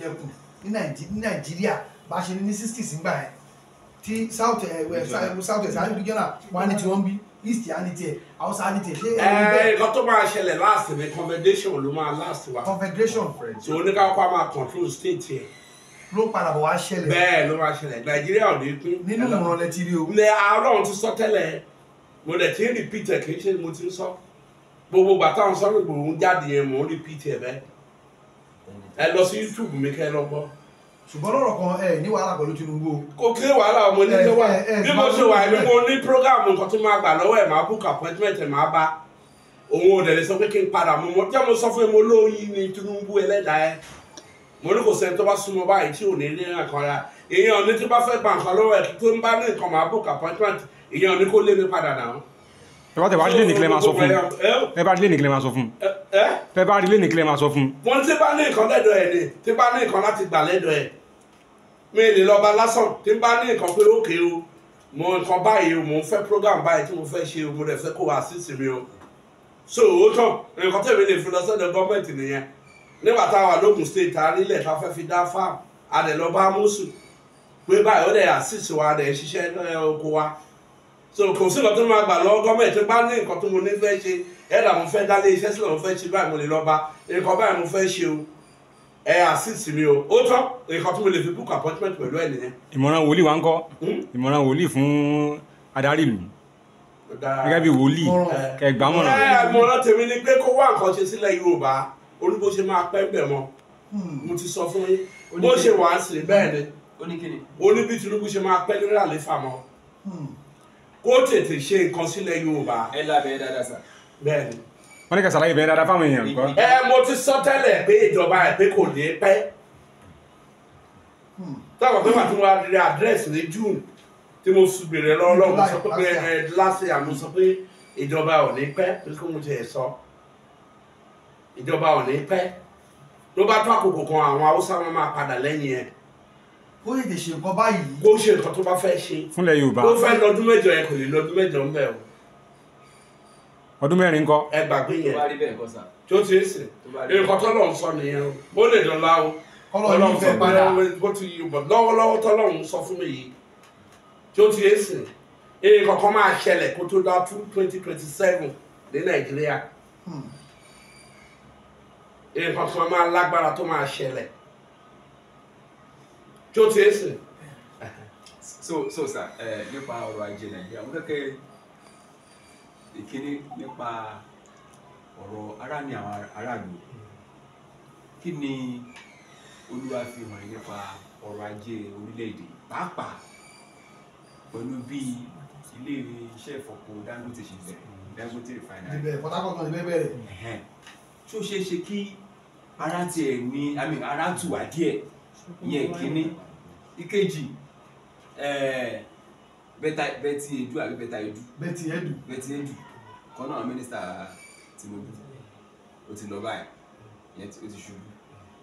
jẹ̀kù ní nàìjíríà bá ṣe ní sixty sígbà yẹn tí south ẹ̀ eh, eh, south ẹ̀ sáré regional wọn á ní tiwọn bí east á ní tiẹ̀ hausa á ní tiẹ̀. ẹ eh, ẹ nǹkan tó máa ṣẹlẹ̀ last ni confederation ló máa last wa. confederation. so oníkàkọ́ a máa control state yẹn ló padà bọ̀ wá ṣẹlẹ̀. bẹ́ẹ̀ ló máa ṣẹlẹ̀ nàìjíríà ò ní pín. nínú ìmọ̀ràn lẹ ti rí o. lẹ àárọ̀ ti sọ tẹ́lẹ̀ mo dẹ̀ ti ń repeat ẹ̀ kì í ṣe mo ti ń sọ gbogbo gbàtà ń sọ gbogbo ń jáde yẹn mo ń repeat ẹ̀ bẹ́ẹ̀ ẹ lọ sí youtube mi kẹ́ ẹ lọ gbọ́. ṣùgbọ́n lọ́rọ̀ kan ẹ ní wàhálà pẹ̀lú tinubu o. kò kéré wàhálà ọmọ oníṣẹ́ wa bí mo ṣe wà ní mo ní program nǹkan tí máa gbà lọ́wọ́ ẹ̀ máa book appointment ẹ̀ máa bá òun ò dẹ̀ lè sọ pé kí n padà mọ́ mọ́ jẹ́ mo sọ fún ẹ mo lóyin ni tinubu ẹlẹ́dàá ẹ mo ní kò sẹ́ni tó bá súnmọ́ báyìí tí ò ní ní nǹkan ra èèyàn ní tí bá fẹ́ gba nǹkan lọ́wọ́ ẹ̀ tó ń bá ní nǹkan máa book appointment èèyàn ní kó lé mi padà náà. ẹ bá tẹ bá dé nìkílẹ̀ máa sọ fún ẹ bá dé nìkílẹ̀ máa sọ fún ẹ tẹ bá rí lé nìkílẹ̀ máa sọ fún un. wọ́n ti bá ní nǹkan lẹ́dọ̀ ẹ̀ ni ti bá ní nǹkan láti gbà lẹ́dọ̀ ẹ̀ mi lè lọ́ba lásán ti bá ní nǹkan pé ókè o mo nǹkan báyìí o mo fẹ́ program báyìí tí mo fẹ́ ṣe o mo dẹ̀ fẹ́ kó wá sí ìsinmi o so ó tán nǹkan tẹ̀mí lè fi lọ sọ́dọ̀ gọ́ọ̀mẹ̀ntì nìyẹn nígbà tá a wà lóògùn state a nílẹ̀ tá a fẹ́ fi dá fáàmù a dẹ̀ lọ pé báyìí ó dẹ̀ assist wa ẹ là mo fẹ́ dálé iṣẹ́ sílẹ̀ mo fẹ́ ṣe báyìí mo lè lọ bá nǹkan báyìí mo fẹ́ ṣe o ẹ assist mi o ó tọ́ nǹkan tí mo lè fi book appointment pẹ̀lú ẹ nìyẹn. ìmọ̀ràn wòlíì wa ń kọ́ hmm? ìmọ̀ràn wòlíì fún adarí ìlú gẹ́gẹ́ bí wòlíì kẹgbàmọ̀ràn. ẹ ìmọ̀ràn tèmi ni pé kó wá nǹkan ṣe sílẹ̀ Yorùbá olúbo ṣe máa pẹ́ bẹ̀ mọ́ hmm. mo ti sọ fún yín bó ṣe wà á sì bẹ́ẹ̀ ni oníbi Tinubu ṣe máa pẹ́ lórí bẹ́ẹ̀ni. wọ́n ní ká ṣàlàyé bẹ́ẹ̀ dáadáa fáwọn èèyàn kọ́. ẹ mo ti sọ tẹ́lẹ̀ pé ìjọba ẹ̀ pé kò ní pẹ́ táwọn pé màá tún wá rí àdírẹ́sì ní june tí mo sùgbèrè lọ́wọ́ mo sọ pé ẹ láṣẹ àmọ́ sọ pé ìjọba ò ní pẹ́ pé kí mo ti ẹ̀ sọ ìjọba ò ní pẹ́ ló bá tó àkókò kan àwọn haúsá wọn máa padà lẹ́yìn ẹ̀ ó lè ṣe nǹkan báyìí. kó ṣe nǹkan tó bá fẹ́ ṣe. fúnlẹ̀ yorùbá. ó fẹ́ lọ́dún mẹ́jọ yẹn kò lè lọ́dún mẹ́jọ ń bẹ̀ o ọdún mẹ́rin kọ́. ẹ gbàgbé yẹn tó ti ń sìn nǹkan tọ́lọ̀ ń sọ nìyẹn ó lè dọ̀la o ọlọ́run fẹ́ padà bó ti yí bọ̀ lọ́wọ́lọ́wọ́ tọ́lọ́run sọ fún mi yìí tó ti ń sìn nǹkan kan máa ṣẹlẹ̀ kó tó dá two twenty twenty seven ní nàìjíríà hmm. nǹkan kan máa lágbára tó máa ṣẹlẹ̀ tó ti ń sìn. so so sir eh, nípa ọrọ̀ ajé nàìjíríà mo kẹ́kẹ́ ìkíní nípa ọ̀rọ̀ ará ni àwọn aráàlú kí ni olúwa fi hàn yín nípa ọrọ̀ ajé orílẹ̀-èdè pàápàá pẹ̀lú bí ilé iṣẹ́ ìfọ̀po Dangote ṣe bẹ̀rẹ̀ Dangote refinery. ibẹ̀ Port Harcourt náà ibẹ̀ bẹ̀rẹ̀. ṣó ṣeé ṣe kí ara tiẹ̀ ní àmì ara tù wá díẹ̀ yẹn kínní ìkejì bẹ́tà bẹ́tì edu àbí bẹ́tà edu. bẹ́tì edu. bẹ́tì edu kan náà mínísítà Tinubu ó ti lọ báyìí ìyẹn ó ti ṣubú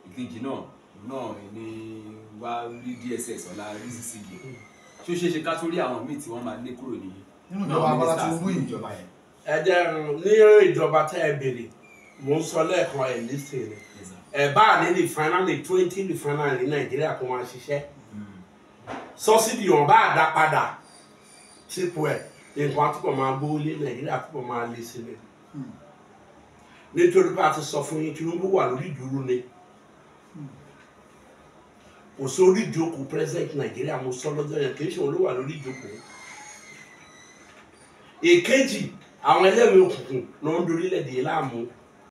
ìkejì náà náà ní wá rí DSS ọ̀la rí CCG ṣó ṣeé ṣe ká tó rí àwọn míì tí wọ́n máa lé kúrò ní. nínú ìjọba abala Tinubu ìjọba yẹn. ẹ jẹ́ ní ìjọba tẹ́ ẹ béèrè mò ń sọ lẹ́ẹ̀kan ẹ̀ lísìn rẹ̀ ẹ̀ bá a ní ní fáínàlì twenty ní fáínàlì Nàìjíríà kó máa ṣiṣẹ́ hmm. sọ́sídìí wọn bá a dá padà sípò ẹ̀ nǹkan àtúpọ̀ máa gbówó lé nàìjíríà àtúpọ̀ máa lé sílẹ̀ hmm. nítorí bá a ti sọ fún yín Tinubu wà lórí ìdúró ni hmm. kò sórí ìjókòó president nàìjíríà mo sọ lọ́jọ́ yẹn kì í ṣe òun ló wà lórí ìjókòó èkejì àwọn ẹlẹ́rìí òkùnkùn ló ń dorí lẹ̀dí láàmú